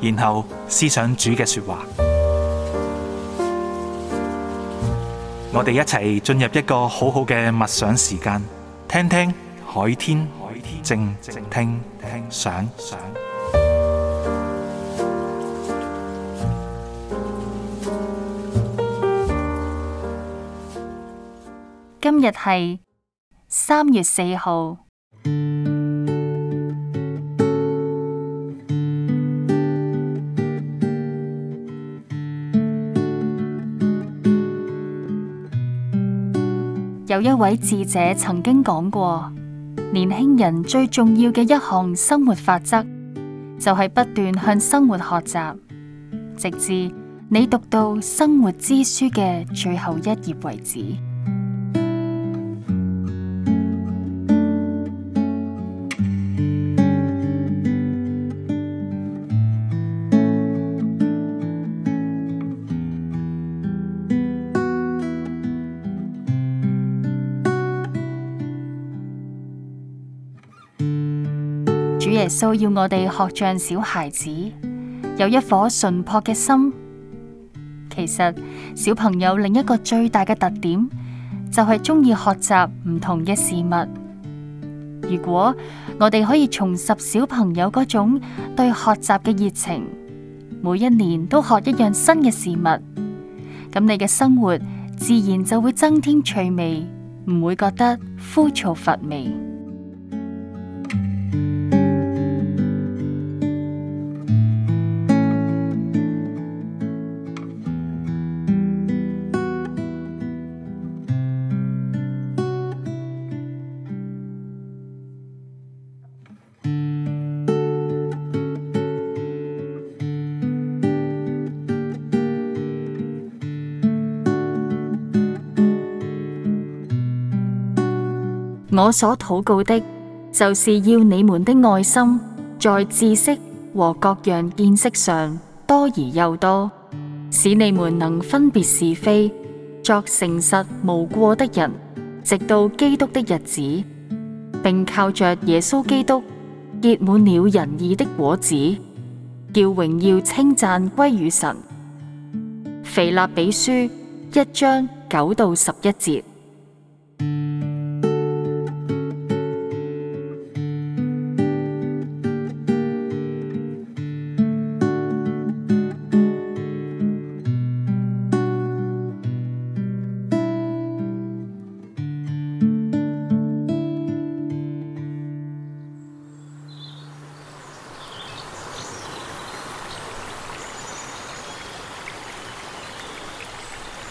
然後思想主嘅說話，我哋一齊進入一個好好嘅默想時間，聽聽海天靜靜聽想。今日係三月四號。有一位智者曾經講過，年輕人最重要嘅一項生活法則，就係不斷向生活學習，直至你讀到生活之書嘅最後一頁為止。主耶穌要我哋學像小孩子，有一顆純樸嘅心。其實小朋友另一個最大嘅特點，就係中意學習唔同嘅事物。如果我哋可以重拾小朋友嗰種對學習嘅熱情，每一年都學一樣新嘅事物，咁你嘅生活自然就會增添趣味，唔會覺得枯燥乏味。我所禱告的，就是要你們的愛心在知識和各樣見識上多而又多，使你們能分別是非，作誠實無過的人，直到基督的日子，並靠着耶穌基督結滿了仁義的果子，叫榮耀稱讚歸與神。腓立比書一章九到十一節。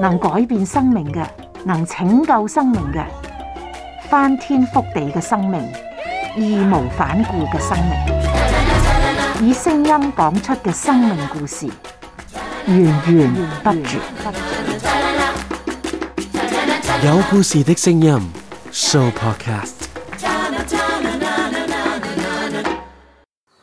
能改變生命嘅，能拯救生命嘅，翻天覆地嘅生命，義無反顧嘅生命，以聲音講出嘅生命故事，源源不絕。有故事的聲音，Show Podcast。